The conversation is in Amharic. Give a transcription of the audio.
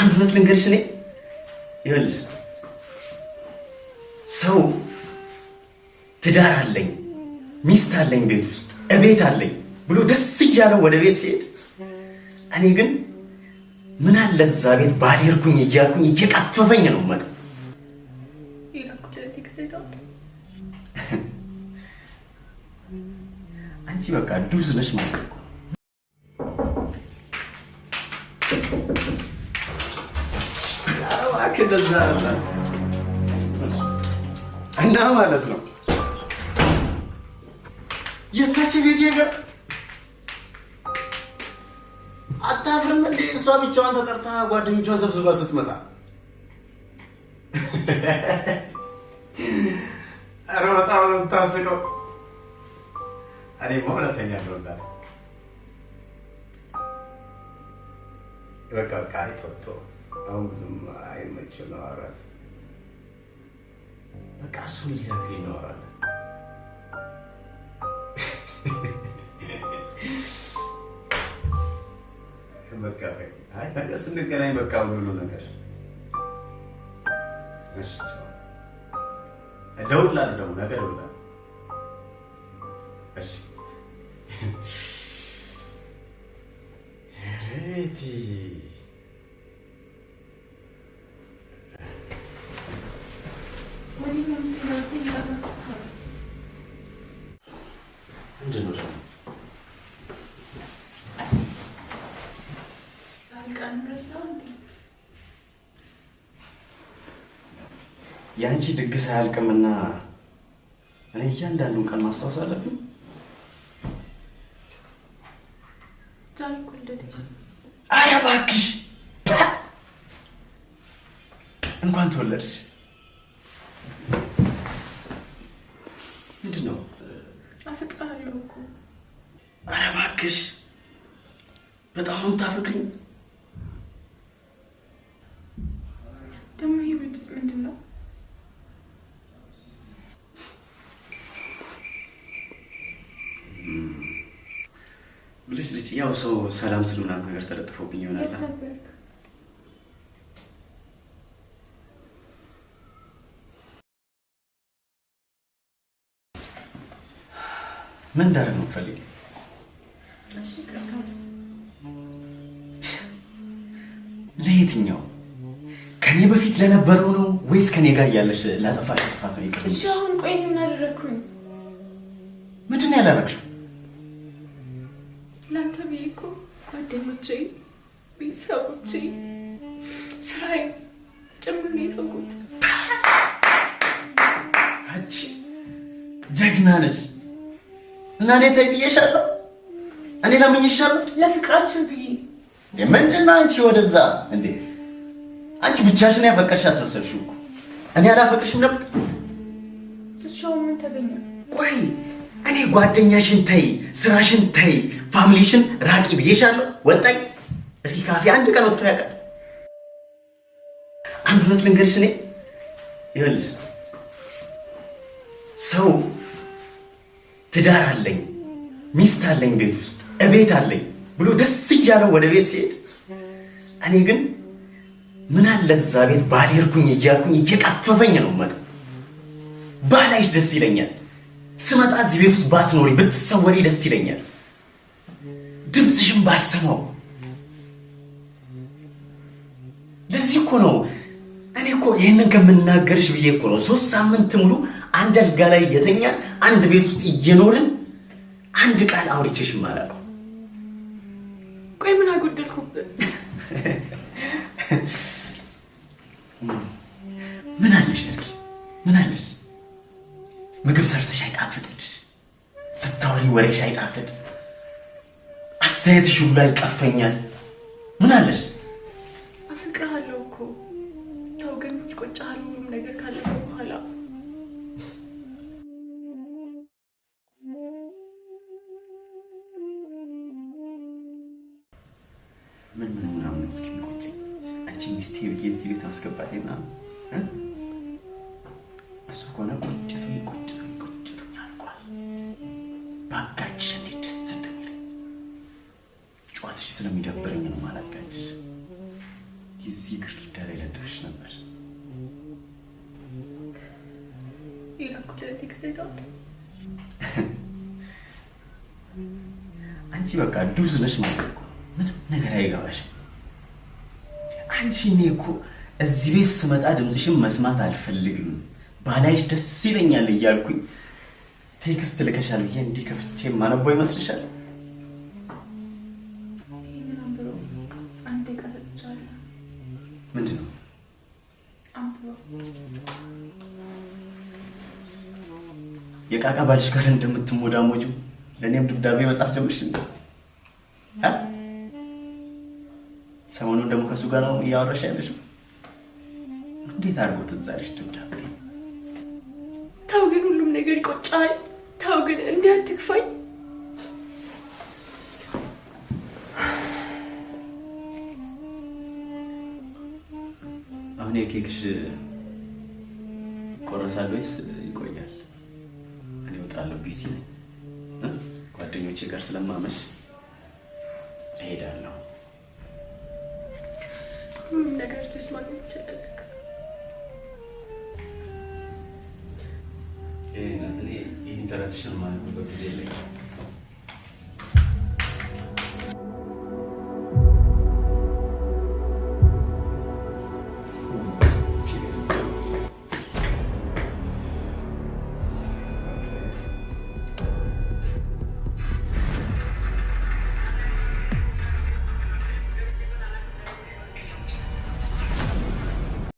አንድ ሁለት ልንገርሽ። እኔ ይኸውልሽ ሰው ትዳር አለኝ ሚስት አለኝ ቤት ውስጥ እቤት አለኝ ብሎ ደስ እያለው ወደ ቤት ሲሄድ፣ እኔ ግን ምን አለ እዛ ቤት ባልሄድኩኝ እያልኩኝ እየቀፈፈኝ ነው መ አንቺ በቃ ዱዝ ነሽ ማለት ነው። እንደዛ እና ማለት ነው የእሳች ቤት የለም። አታፍርም እንዴ? እሷ ብቻዋን ተጠርታ ጓደኞቿን ሰብስባ ስትመጣ ኧረ በጣም ነው የምታስቀው። እኔ በሁለተኛ ደወልኩላት። በቃ በቃ ተወው አሁን ብዙም አይመችም ማውራት። በቃ እሱን ሌላ ጊዜ እናወራለን። ነገ ስንገናኝ በቃ ሁሉ ነገር እደውልልሃለሁ። ደግሞ ነገ እደውልልሃለሁ። እሺ ሬቲ የአንቺ ድግስ አያልቅምና እኔ እያንዳንዱን ቀን ማስታወስ አለብኝ። ኧረ እባክሽ እንኳን ተወለድሽ። እባክሽ በጣም ነው ደግሞ ይህ ምንድን ነው? ያው ሰው ሰላም ስል ምናምን ነገር ተለጥፎብኝ ይሆናል። ምን እንዳደረግ ነው ፈልግ ለየትኛው ከኔ በፊት ለነበረው ነው ወይስ ከኔ ጋር እያለሽ ላጠፋሽ ጥፋት ነው? ይቅር እሺ። አሁን ቆይ ምን አደረግኩኝ? ምንድን ነው ያላረግሽው? ለአንተ ብዬ እኮ ጓደኞቼ፣ ቤተሰቦቼ፣ ስራዬ ጭምር ነው የተውኩት። አንቺ ጀግና ነሽ እና እኔ ተይ ብዬሻለሁ እኔ ለምን ይሻላል? ለፍቅራችሁ ብዬ ምንድን አንቺ ወደዛ እንዴ? አንቺ ብቻሽን ያፈቀርሽ አስመሰልሽ እኮ እኔ አላፈቅርሽም ነበር። እሻው ምን ተገኘ? ቆይ እኔ ጓደኛሽን ተይ፣ ስራሽን ተይ፣ ፋሚሊሽን ራቂ ብዬሻለሁ። ወጣኝ እስኪ ካፌ አንድ ቀን ወጥቶ ያውቃል? አንድ ሁለት ልንገርሽ እኔ ይኸውልሽ ሰው ትዳር አለኝ ሚስት አለኝ ቤት ውስጥ እቤት አለኝ ብሎ ደስ እያለው ወደ ቤት ሲሄድ እኔ ግን ምን አለ እዛ ቤት ባልሄድኩኝ እያልኩኝ እየቀፈፈኝ ነው መጣ ባላይሽ ደስ ይለኛል። ስመጣ እዚህ ቤት ውስጥ ባትኖሪ ብትሰወሪ ደስ ይለኛል። ድምፅሽም ባልሰማው ለዚህ እኮ ነው እኔ እኮ ይህንን ከምናገርሽ ብዬ እኮ ነው ሶስት ሳምንት ሙሉ አንድ አልጋ ላይ የተኛን አንድ ቤት ውስጥ እየኖርን አንድ ቃል አውርቼሽ ማላውቀው ቆይ ምን አጎደልኩብህ? ምን አለሽ? እስኪ ምን አለሽ? ምግብ ሰርተሽ አይጣፍጥልሽ፣ ስታወሪ ወሬሽ አይጣፍጥ፣ አስተያየትሽ ሁሉ ይቀፈኛል። ምን አለሽ? ብዬ እዚህ ቤት አስገባት ምናምን እሱ ከሆነ ቁጭቱ ቁጭቱ ቁጭቱ አልቋል። ባጋጭሽ እንዴት ደስ እንደሚለኝ ጨዋትሽ ስለሚደብረኝ ነው ማላጋጭሽ። ጊዜ ግርግዳ ላይ ለጥፍሽ ነበር አንቺ በቃ ዱዝ ነሽ ማለት እኮ ምንም ነገር አይገባሽም። አንቺ እኔ እኮ እዚህ ቤት ስመጣ ድምፅሽን መስማት አልፈልግም ባላይሽ ደስ ይለኛል እያልኩኝ ቴክስት ልከሻል ብዬ እንዲህ ከፍቼ ማነቦ ይመስልሻል? ምንድን ነው የቃቃ ባልሽ ጋር እንደምትሞዳሞጁ ለእኔም ድብዳቤ መጻፍ ጀምርሽ እንደ ሰሞኑን ደግሞ ከእሱ ጋር ነው እያወራሽ ያለሽው? እንዴት አድርጎ ትዝ አለሽ ደብዳቤ? ተው ግን ሁሉም ነገር ይቆጫል። ተው ግን እንዲህ አሁን የኬክሽ ቆረሳል ወይስ ይቆያል? እኔ እወጣለሁ፣ ቢዚ ነኝ። ጓደኞቼ ጋር ስለማመሽ ትሄዳለሁ። ነገር ውስጥ ይችላል። ይህን ማለት ነው በጊዜ ላይ